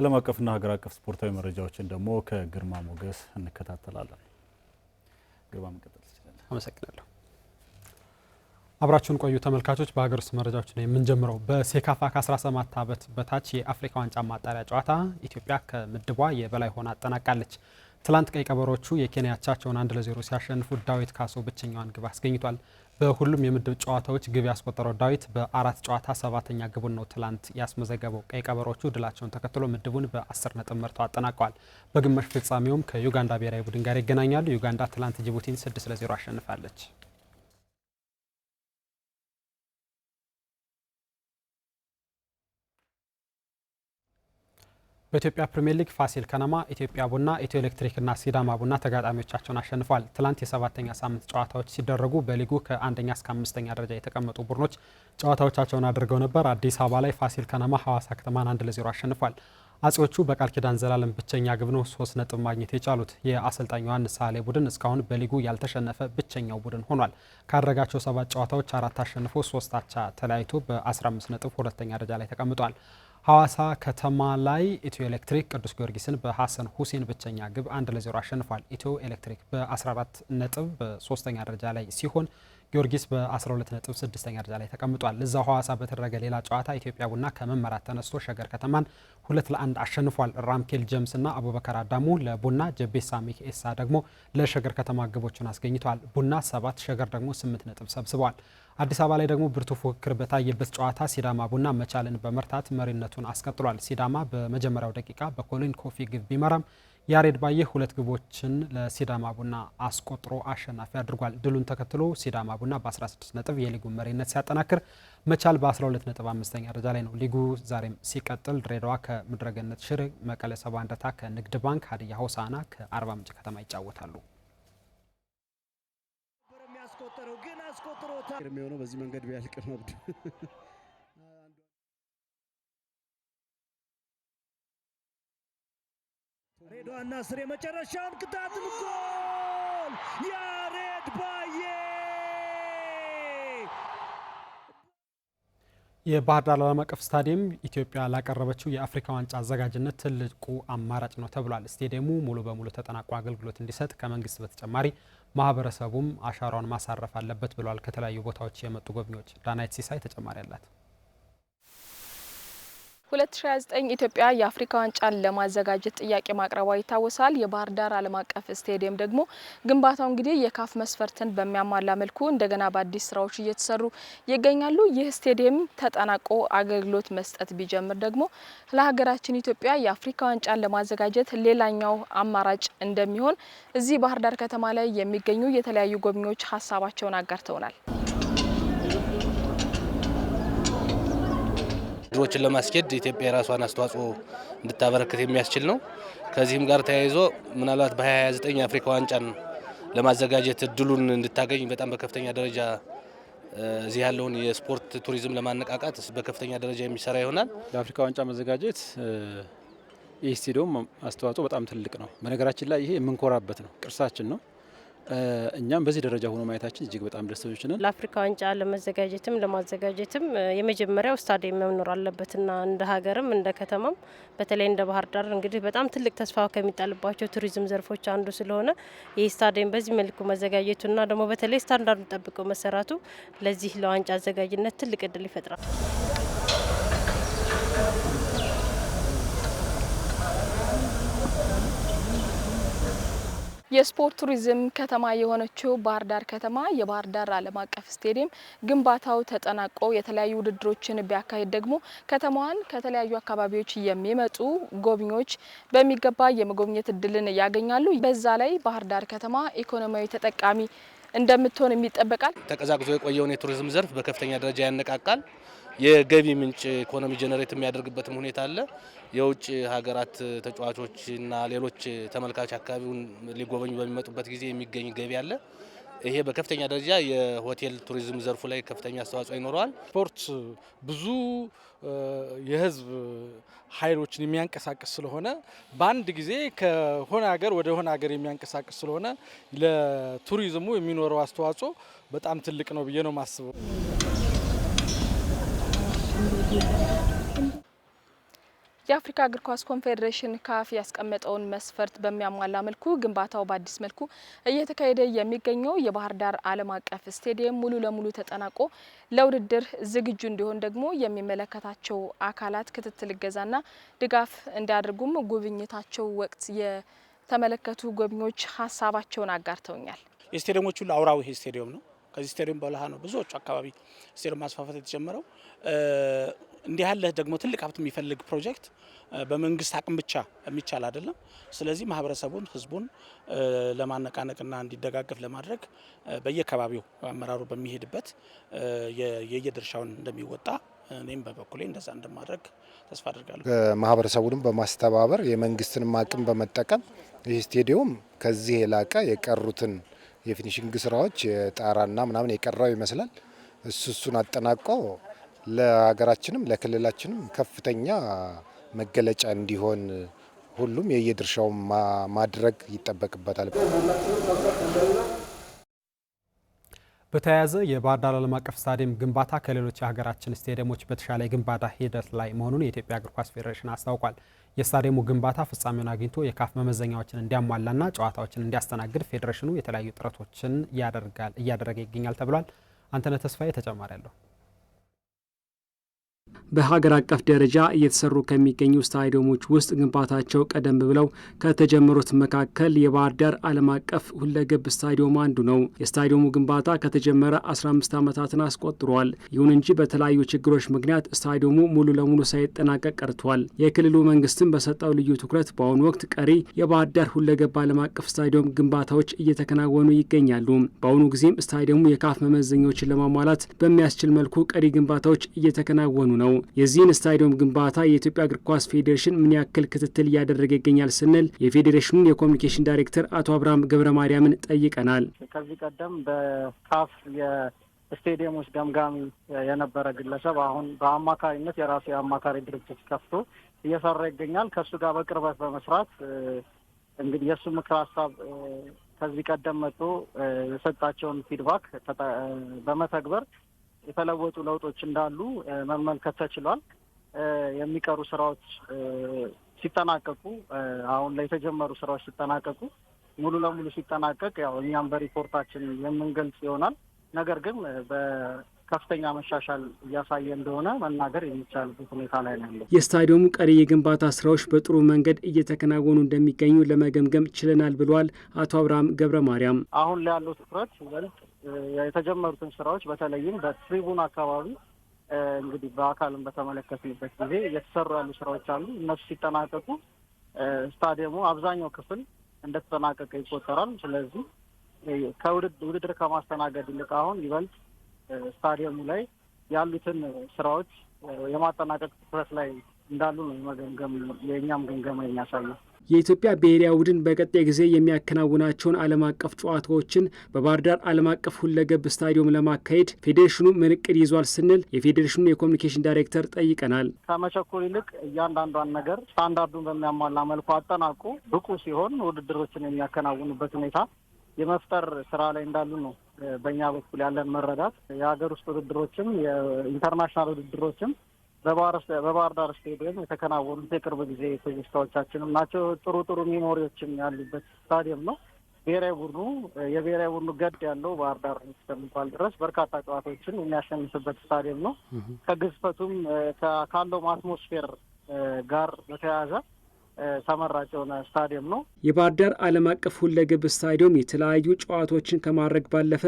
ዓለም አቀፍና ሀገር አቀፍ ስፖርታዊ መረጃዎችን ደግሞ ከግርማ ሞገስ እንከታተላለን። ግርማ መቀጠል ትችላለህ። አመሰግናለሁ። አብራችሁን ቆዩ ተመልካቾች። በሀገር ውስጥ መረጃዎች ነው የምንጀምረው። በሴካፋ ከ17 ዓመት በታች የአፍሪካ ዋንጫ ማጣሪያ ጨዋታ ኢትዮጵያ ከምድቧ የበላይ ሆና አጠናቃለች። ትላንት ቀይ ቀበሮቹ የኬንያ አንድ ለዜሮ ሲያሸንፉ ዳዊት ካሶ ብቸኛዋን ግብ አስገኝቷል። በሁሉም የምድብ ጨዋታዎች ግብ ያስቆጠረው ዳዊት በአራት ጨዋታ ሰባተኛ ግቡን ነው ትላንት ያስመዘገበው። ቀይ ቀበሮቹ ድላቸውን ተከትሎ ምድቡን በ ነጥብ መርተው አጠናቀዋል። በግማሽ ፍጻሜውም ከዩጋንዳ ብሔራዊ ቡድን ጋር ይገናኛሉ። ዩጋንዳ ትላንት ጅቡቲን ስድስት ለዜሮ አሸንፋለች። በኢትዮጵያ ፕሪምየር ሊግ ፋሲል ከነማ፣ ኢትዮጵያ ቡና፣ ኢትዮ ኤሌክትሪክና ሲዳማ ቡና ተጋጣሚዎቻቸውን አሸንፏል። ትላንት የሰባተኛ ሳምንት ጨዋታዎች ሲደረጉ በሊጉ ከአንደኛ እስከ አምስተኛ ደረጃ የተቀመጡ ቡድኖች ጨዋታዎቻቸውን አድርገው ነበር። አዲስ አበባ ላይ ፋሲል ከነማ ሐዋሳ ከተማን አንድ ለዜሮ አሸንፏል። አጼዎቹ በቃል ኪዳን ዘላለም ብቸኛ ግብ ነው ሶስት ነጥብ ማግኘት የቻሉት። የአሰልጣኝ ዮሐንስ ሳሌ ቡድን እስካሁን በሊጉ ያልተሸነፈ ብቸኛው ቡድን ሆኗል። ካደረጋቸው ሰባት ጨዋታዎች አራት አሸንፎ ሶስት አቻ ተለያይቶ በ15 ነጥብ ሁለተኛ ደረጃ ላይ ተቀምጧል። ሐዋሳ ከተማ ላይ ኢትዮ ኤሌክትሪክ ቅዱስ ጊዮርጊስን በሐሰን ሁሴን ብቸኛ ግብ አንድ ለዜሮ አሸንፏል። ኢትዮ ኤሌክትሪክ በ14 ነጥብ በሶስተኛ ደረጃ ላይ ሲሆን ጊዮርጊስ በ12 ነጥብ ስድስተኛ ደረጃ ላይ ተቀምጧል። እዛው ሐዋሳ በተደረገ ሌላ ጨዋታ ኢትዮጵያ ቡና ከመመራት ተነስቶ ሸገር ከተማን ሁለት ለአንድ አሸንፏል። ራምኬል ጀምስና አቡበከር አዳሙ ለቡና፣ ጀቤሳ ሚክኤሳ ደግሞ ለሸገር ከተማ ግቦችን አስገኝተዋል። ቡና ሰባት ሸገር ደግሞ ስምንት ነጥብ ሰብስበዋል። አዲስ አበባ ላይ ደግሞ ብርቱ ፉክክር በታየበት ጨዋታ ሲዳማ ቡና መቻልን በመርታት መሪነቱን አስቀጥሏል። ሲዳማ በመጀመሪያው ደቂቃ በኮሊን ኮፊ ግብ ቢመራም ያሬድ ባየ ሁለት ግቦችን ለሲዳማ ቡና አስቆጥሮ አሸናፊ አድርጓል። ድሉን ተከትሎ ሲዳማ ቡና በ16 ነጥብ የሊጉን መሪነት ሲያጠናክር፣ መቻል በ12 ነጥብ አምስተኛ ደረጃ ላይ ነው። ሊጉ ዛሬም ሲቀጥል ድሬዳዋ ከምድረገነት ሽሬ፣ መቀለ ሰባ እንደርታ ከንግድ ባንክ፣ ሀዲያ ሆሳና ከአርባ ምንጭ ከተማ ይጫወታሉ። ያስቆጠረው ግን አስቆጥሮታል። የሚሆነው በዚህ መንገድ ቢያልቅ መብድ ሬድዋና ስር የመጨረሻውን ቅጣት ጎል ያሬድ ባዬ የባህር ዳር ዓለም አቀፍ ስታዲየም ኢትዮጵያ ላቀረበችው የአፍሪካ ዋንጫ አዘጋጅነት ትልቁ አማራጭ ነው ተብሏል። ስቴዲየሙ ሙሉ በሙሉ ተጠናቆ አገልግሎት እንዲሰጥ ከመንግስት በተጨማሪ ማህበረሰቡም አሻራውን ማሳረፍ አለበት ብለዋል ከተለያዩ ቦታዎች የመጡ ጎብኚዎች። ዳናይት ሲሳይ ተጨማሪ አላት። 2029 ኢትዮጵያ የአፍሪካ ዋንጫን ለማዘጋጀት ጥያቄ ማቅረቧ ይታወሳል። የባህር ዳር ዓለም አቀፍ ስቴዲየም ደግሞ ግንባታው እንግዲህ የካፍ መስፈርትን በሚያሟላ መልኩ እንደገና በአዲስ ስራዎች እየተሰሩ ይገኛሉ። ይህ ስቴዲየም ተጠናቆ አገልግሎት መስጠት ቢጀምር ደግሞ ለሀገራችን ኢትዮጵያ የአፍሪካ ዋንጫን ለማዘጋጀት ሌላኛው አማራጭ እንደሚሆን እዚህ ባህር ዳር ከተማ ላይ የሚገኙ የተለያዩ ጎብኚዎች ሀሳባቸውን አጋርተውናል። ድሮችን ለማስኬድ ኢትዮጵያ የራሷን አስተዋጽኦ እንድታበረክት የሚያስችል ነው። ከዚህም ጋር ተያይዞ ምናልባት በ 29 የአፍሪካ ዋንጫን ለማዘጋጀት እድሉን እንድታገኝ በጣም በከፍተኛ ደረጃ እዚህ ያለውን የስፖርት ቱሪዝም ለማነቃቃት በከፍተኛ ደረጃ የሚሰራ ይሆናል። ለአፍሪካ ዋንጫ መዘጋጀት ይህ ስቴዲየም አስተዋጽኦ በጣም ትልቅ ነው። በነገራችን ላይ ይሄ የምንኮራበት ነው፣ ቅርሳችን ነው። እኛም በዚህ ደረጃ ሆኖ ማየታችን እጅግ በጣም ደስተኞች ነን። ለአፍሪካ ዋንጫ ለመዘጋጀትም ለማዘጋጀትም የመጀመሪያው ስታዲየም መኖር አለበትና እንደ ሀገርም እንደ ከተማም በተለይ እንደ ባህር ዳር እንግዲህ በጣም ትልቅ ተስፋ ከሚጣልባቸው ቱሪዝም ዘርፎች አንዱ ስለሆነ ይህ ስታዲየም በዚህ መልኩ መዘጋጀቱና ደግሞ በተለይ ስታንዳርዱ ጠብቆ መሰራቱ ለዚህ ለዋንጫ አዘጋጅነት ትልቅ እድል ይፈጥራል። የስፖርት ቱሪዝም ከተማ የሆነችው ባህር ዳር ከተማ የባህር ዳር ዓለም አቀፍ ስቴዲየም ግንባታው ተጠናቆ የተለያዩ ውድድሮችን ቢያካሄድ ደግሞ ከተማዋን ከተለያዩ አካባቢዎች የሚመጡ ጎብኚዎች በሚገባ የመጎብኘት እድልን ያገኛሉ። በዛ ላይ ባህር ዳር ከተማ ኢኮኖሚያዊ ተጠቃሚ እንደምትሆን ይጠበቃል። ተቀዛቅዞ የቆየውን የቱሪዝም ዘርፍ በከፍተኛ ደረጃ ያነቃቃል። የገቢ ምንጭ ኢኮኖሚ ጀነሬት የሚያደርግበትም ሁኔታ አለ። የውጭ ሀገራት ተጫዋቾችና ሌሎች ተመልካች አካባቢውን ሊጎበኙ በሚመጡበት ጊዜ የሚገኝ ገቢ አለ። ይሄ በከፍተኛ ደረጃ የሆቴል ቱሪዝም ዘርፉ ላይ ከፍተኛ አስተዋጽኦ ይኖረዋል። ስፖርት ብዙ የህዝብ ኃይሎችን የሚያንቀሳቅስ ስለሆነ በአንድ ጊዜ ከሆነ ሀገር ወደ ሆነ ሀገር የሚያንቀሳቅስ ስለሆነ ለቱሪዝሙ የሚኖረው አስተዋጽኦ በጣም ትልቅ ነው ብዬ ነው የማስበው። የአፍሪካ እግር ኳስ ኮንፌዴሬሽን ካፍ ያስቀመጠውን መስፈርት በሚያሟላ መልኩ ግንባታው በአዲስ መልኩ እየተካሄደ የሚገኘው የባህር ዳር ዓለም አቀፍ ስቴዲየም ሙሉ ለሙሉ ተጠናቆ ለውድድር ዝግጁ እንዲሆን ደግሞ የሚመለከታቸው አካላት ክትትል እገዛና ድጋፍ እንዲያደርጉም ጉብኝታቸው ወቅት የተመለከቱ ጎብኚዎች ሀሳባቸውን አጋርተውኛል። የስቴዲየሞቹ አውራዊ ስቴዲየም ነው። ከዚህ ስቴዲየም በኋላ ነው ብዙዎቹ አካባቢ ስቴዲየም ማስፋፋት የተጀመረው። እንዲህ ያለ ደግሞ ትልቅ ሀብት የሚፈልግ ፕሮጀክት በመንግስት አቅም ብቻ የሚቻል አይደለም። ስለዚህ ማህበረሰቡን፣ ህዝቡን ለማነቃነቅና እንዲደጋገፍ ለማድረግ በየከባቢው አመራሩ በሚሄድበት የየድርሻውን እንደሚወጣ እኔም በበኩሌ እንደዛ እንደማድረግ ተስፋ አድርጋለሁ። ማህበረሰቡንም በማስተባበር የመንግስትንም አቅም በመጠቀም ይህ ስቴዲየም ከዚህ የላቀ የቀሩትን የፊኒሽንግ ስራዎች ጣራና ምናምን የቀረው ይመስላል። እሱ እሱን አጠናቆ ለሀገራችንም ለክልላችንም ከፍተኛ መገለጫ እንዲሆን ሁሉም የየድርሻውን ማድረግ ይጠበቅበታል። በተያያዘ የባህር ዳር ዓለም አቀፍ ስታዲየም ግንባታ ከሌሎች የሀገራችን ስቴዲየሞች በተሻለ ግንባታ ሂደት ላይ መሆኑን የኢትዮጵያ እግር ኳስ ፌዴሬሽን አስታውቋል። የስታዲየሙ ግንባታ ፍጻሜውን አግኝቶ የካፍ መመዘኛዎችን እንዲያሟላና ጨዋታዎችን እንዲያስተናግድ ፌዴሬሽኑ የተለያዩ ጥረቶችን እያደረገ ይገኛል ተብሏል። አንተነህ ተስፋዬ ተጨማሪ አለሁ በሀገር አቀፍ ደረጃ እየተሰሩ ከሚገኙ ስታዲየሞች ውስጥ ግንባታቸው ቀደም ብለው ከተጀመሩት መካከል የባህር ዳር ዓለም አቀፍ ሁለገብ ስታዲየም አንዱ ነው። የስታዲየሙ ግንባታ ከተጀመረ 15 ዓመታትን አስቆጥሯል። ይሁን እንጂ በተለያዩ ችግሮች ምክንያት ስታዲየሙ ሙሉ ለሙሉ ሳይጠናቀቅ ቀርቷል። የክልሉ መንግስትም በሰጠው ልዩ ትኩረት በአሁኑ ወቅት ቀሪ የባህር ዳር ሁለገብ ዓለም አቀፍ ስታዲየም ግንባታዎች እየተከናወኑ ይገኛሉ። በአሁኑ ጊዜም ስታዲየሙ የካፍ መመዘኛዎችን ለማሟላት በሚያስችል መልኩ ቀሪ ግንባታዎች እየተከናወኑ ነው። ነው። የዚህን ስታዲየም ግንባታ የኢትዮጵያ እግር ኳስ ፌዴሬሽን ምን ያክል ክትትል እያደረገ ይገኛል ስንል የፌዴሬሽኑን የኮሚኒኬሽን ዳይሬክተር አቶ አብርሃም ገብረ ማርያምን ጠይቀናል። ከዚህ ቀደም በካፍ ውስጥ ገምጋሚ የነበረ ግለሰብ አሁን በአማካሪነት የራሱ የአማካሪ ድርጅት ከፍቶ እየሰራ ይገኛል። ከእሱ ጋር በቅርበት በመስራት እንግዲህ የእሱ ምክር ሀሳብ ከዚህ ቀደም መጥቶ የሰጣቸውን ፊድባክ በመተግበር የተለወጡ ለውጦች እንዳሉ መመልከት ተችሏል። የሚቀሩ ስራዎች ሲጠናቀቁ አሁን ላይ የተጀመሩ ስራዎች ሲጠናቀቁ ሙሉ ለሙሉ ሲጠናቀቅ ያው እኛም በሪፖርታችን የምንገልጽ ይሆናል። ነገር ግን በከፍተኛ መሻሻል እያሳየ እንደሆነ መናገር የሚቻልበት ሁኔታ ላይ ነው ያለው። የስታዲየሙ ቀሪ የግንባታ ስራዎች በጥሩ መንገድ እየተከናወኑ እንደሚገኙ ለመገምገም ችለናል ብሏል አቶ አብርሃም ገብረ ማርያም። አሁን ላይ ያለው ትኩረት ይበልጥ የተጀመሩትን ስራዎች በተለይም በትሪቡን አካባቢ እንግዲህ በአካልም በተመለከትንበት ጊዜ እየተሰሩ ያሉ ስራዎች አሉ። እነሱ ሲጠናቀቁ ስታዲየሙ አብዛኛው ክፍል እንደተጠናቀቀ ይቆጠራል። ስለዚህ ከውድድር ከማስተናገድ ይልቅ አሁን ይበልጥ ስታዲየሙ ላይ ያሉትን ስራዎች የማጠናቀቅ ትኩረት ላይ እንዳሉ ነው የመገምገም የእኛም ግምገማ የሚያሳየው። የኢትዮጵያ ብሔራዊ ቡድን በቀጣይ ጊዜ የሚያከናውናቸውን ዓለም አቀፍ ጨዋታዎችን በባህር ዳር ዓለም አቀፍ ሁለገብ ስታዲየም ለማካሄድ ፌዴሬሽኑ ምን እቅድ ይዟል ስንል የፌዴሬሽኑ የኮሚኒኬሽን ዳይሬክተር ጠይቀናል። ከመቸኮል ይልቅ እያንዳንዷን ነገር ስታንዳርዱን በሚያሟላ መልኩ አጠናቁ ብቁ ሲሆን ውድድሮችን የሚያከናውኑበት ሁኔታ የመፍጠር ስራ ላይ እንዳሉ ነው በእኛ በኩል ያለን መረዳት። የሀገር ውስጥ ውድድሮችም የኢንተርናሽናል ውድድሮችም በባህር ዳር ስቴዲየም የተከናወኑት የቅርብ ጊዜ ትዝታዎቻችንም ናቸው። ጥሩ ጥሩ ሜሞሪዎችም ያሉበት ስታዲየም ነው። ብሔራዊ ቡድኑ የብሔራዊ ቡድኑ ገድ ያለው ባህር ዳር እስከሚባል ድረስ በርካታ ጨዋታዎችን የሚያሸንፍበት ስታዲየም ነው። ከግዝፈቱም ካለውም አትሞስፌር ጋር በተያያዘ ተመራጭ የሆነ ስታዲየም ነው። የባህር ዳር ዓለም አቀፍ ሁለገብ ስታዲየም የተለያዩ ጨዋታዎችን ከማድረግ ባለፈ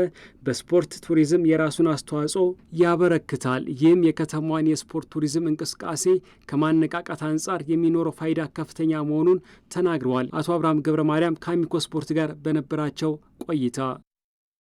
በስፖርት ቱሪዝም የራሱን አስተዋጽኦ ያበረክታል። ይህም የከተማዋን የስፖርት ቱሪዝም እንቅስቃሴ ከማነቃቃት አንጻር የሚኖረው ፋይዳ ከፍተኛ መሆኑን ተናግረዋል። አቶ አብርሃም ገብረ ማርያም ከአሚኮ ስፖርት ጋር በነበራቸው ቆይታ